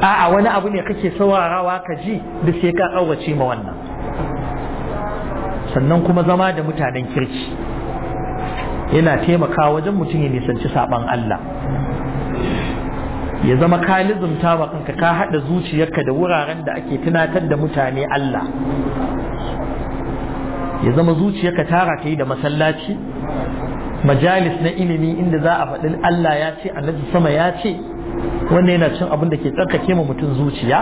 a'a wani abu ne kake saurarawa ka ji da sai ka kawace ma wannan sannan kuma zama da mutanen kirki yana taimaka wajen mutum ya nisanci saban Allah ya zama ka lizumta wa kanka ka haɗa zuciyarka da wuraren da ake tunatar da mutane Allah ya zama zuciyarka tara ta yi da masallaci majalis na ilimi inda za a faɗin Allah ya ce annabi sama ya ce wannan yana cin abin da ke tsarkake ma mutum zuciya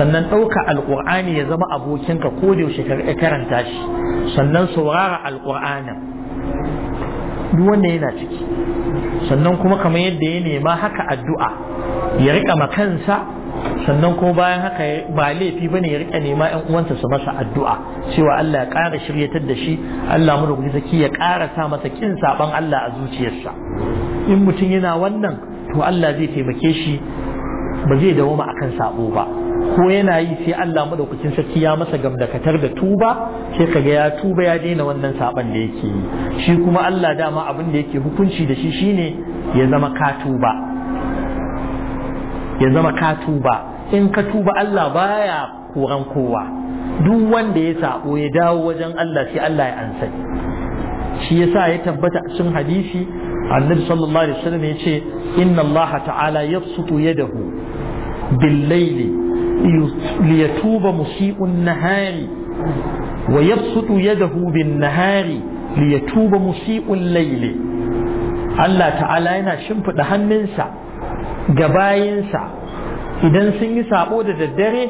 sannan ɗauka alƙur'ani ya zama abokinka ko da yaushe ka karanta shi sannan saurara alƙur'anin duk wanda yana ciki sannan kuma kamar yadda ya nema haka addu'a ya rika makansa sannan kuma bayan haka ba laifi bane ya rika nema yan uwansa su masa addu'a cewa Allah ya ƙara shiryatar da shi Allah mu da ya ƙara sa masa kin saban Allah a zuciyarsa in mutum yana wannan to Allah zai taimake shi ba zai dawoma akan sabo ba ko yana yi sai Allah madaukakin sarki ya masa gamdakatar da tuba sai kaga ya tuba ya daina wannan saban da yake yi shi kuma Allah dama abin da yake hukunci da shi shine ya zama ka tuba ya zama ka tuba in ka tuba Allah baya koran kowa duk wanda ya sabo ya dawo wajen Allah sai Allah ya ansa shi yasa ya tabbata cikin hadisi annabi sallallahu alaihi wasallam ya ce inna allaha ta'ala yabsutu yadahu bil layli liyatuba musii'un nahari wa yabsutu yadahu bin nahari liyatuba musii'un layli Allah ta'ala yana shimfiɗa hannunsa ga bayinsa idan sun yi sabo da daddare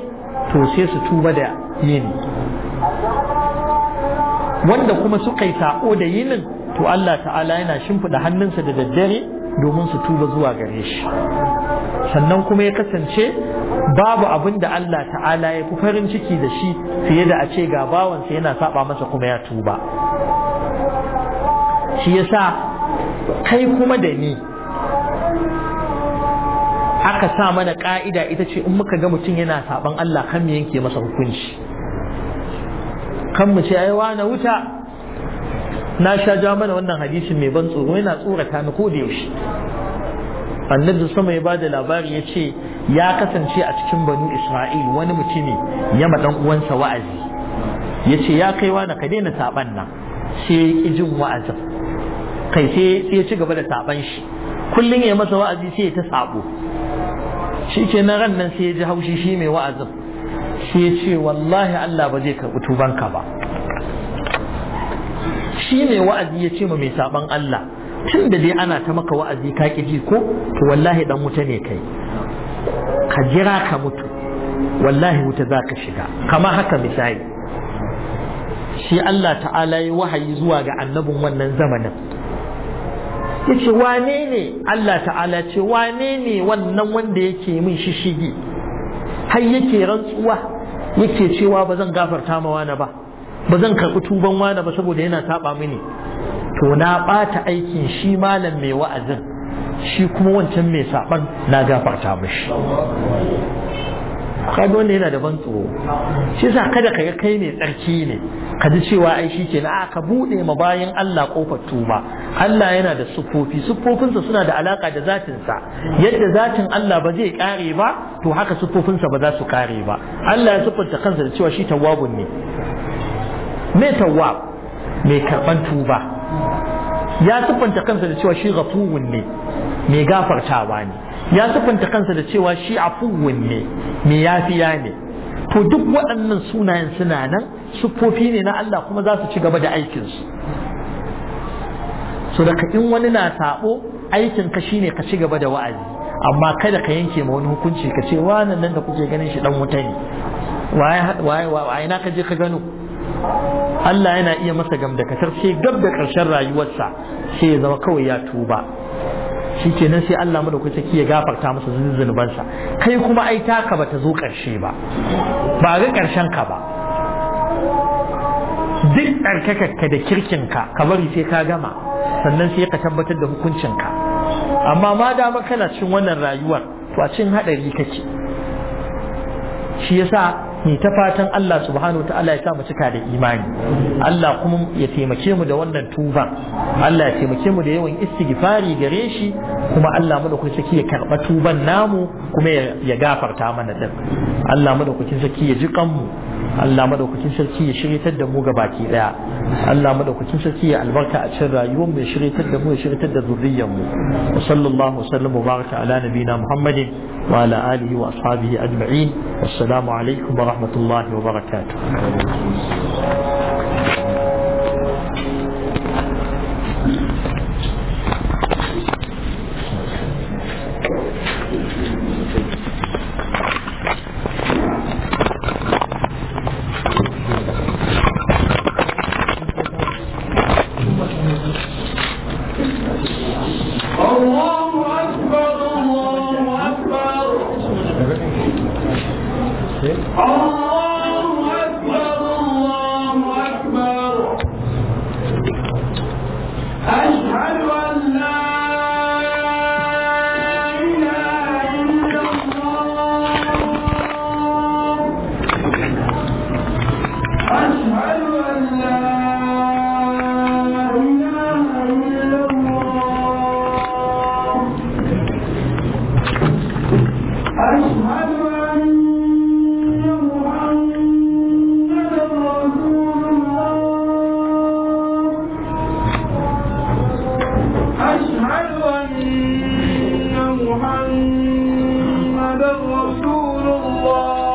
to sai su tuba da yini wanda kuma suka yi sabo da yinin to Allah ta'ala yana shimfiɗa hannunsa da daddare domin su tuba zuwa gare shi sannan kuma ya kasance babu abin da Allah ta'ala ya fi farin ciki da shi fiye da a ce ga bawansa yana saba masa kuma ya tuba shi yasa kai kuma da ni aka sa mana ka'ida ita ce in muka ga mutum yana saban Allah kan mu yanke masa hukunci kan mu ce ai wani wuta na sha ja mana wannan hadisin mai ban tsoro yana tsorata ni ko da yaushe annabi sama ya bada labari ya ce ya kasance a cikin banu isra'il wani mutumi ya ma dan uwansa wa'azi ya ce ya kai na ka daina saban nan sai ya ƙi jin wa'azin kai sai ya ci gaba da saban shi kullum ya masa wa'azi sai ya ta sabo shi ke na ran nan sai ya ji haushi shi mai wa'azin sai ya ce wallahi Allah ba zai karɓi tubanka ba shi ne wa'azi ya ce ma mai saban Allah tun da dai ana ta maka wa'azi ka ki ji ko to wallahi dan wuta ne kai ka jira ka mutu wallahi wuta za ka shiga kama haka misali shi Allah ta'ala ya wahayi zuwa ga annabin wannan zamanin ya ce wane ne Allah ta'ala ce wane ne wannan wanda yake min shishigi har yake rantsuwa yake cewa ba zan gafarta ma wani ba ba zan karɓi tuban wani ba saboda yana saba mini to na ɓata aikin shi malam mai wa'azin shi kuma wancan mai saban na gafarta mishi kaga wanda yana da ban tsoro shi yasa kada ka ga kai ne tsarki ne ka ji cewa ai shi ke a ka buɗe ma bayan Allah kofar tuba Allah yana da sufofi sufofinsa suna da alaka da zatinsa yadda zatin Allah ba zai kare ba to haka sufofinsa ba za su kare ba Allah ya sufanta kansa da cewa shi tawwabun ne Mai tawwa mai karban tuba ya siffanta kansa da cewa shi ghafurun ne mai gafartawa ne ya siffanta kansa da cewa shi afuwun ne mai yafiya ne to duk waɗannan sunayen suna nan siffofi ne na Allah kuma za su ci gaba da aikinsu so daga in wani na saɓo aikin ka shine ka ci gaba da wa'azi amma kada ka yanke ma wani hukunci ka ce wa nan da kuke ganin shi dan wuta ne waye waye waye na ka je ka gano Allah yana iya masa gamdakatar sai gab da ƙarshen rayuwarsa sai ya zama kawai ya tuba shi kenan sai Allah madaukaki ya gafarta masa zunubansa kai kuma ai taka bata zo karshe ba ba ga ƙarshen ka ba duk ɗarkakarka da kirkin ka ka bari sai ka gama sannan sai ka tabbatar da hukuncin ka. amma ma dama kana cin wannan rayuwar to a cin haɗari kake shi yasa ni ta fatan Allah subhanahu ta'ala ya sa mu cika da imani Allah kuma ya taimake mu da wannan tuba Allah ya taimake mu da yawan istighfari gare shi kuma Allah kuke saki ya karba tuban namu kuma ya gafarta mana din Allah madaukakin sarki ya ji kanmu Allah madaukakin sarki ya shiryatar da mu baki daya Allah madaukakin sarki ya albarka a cikin rayuwar mu ya shiryatar da mu ya shiryatar da zuriyar mu sallallahu wasallam baraka ala nabina muhammadin wa ala alihi wa ashabihi ajma'in wassalamu alaikum wa ورحمة الله وبركاته محمدا رسول الله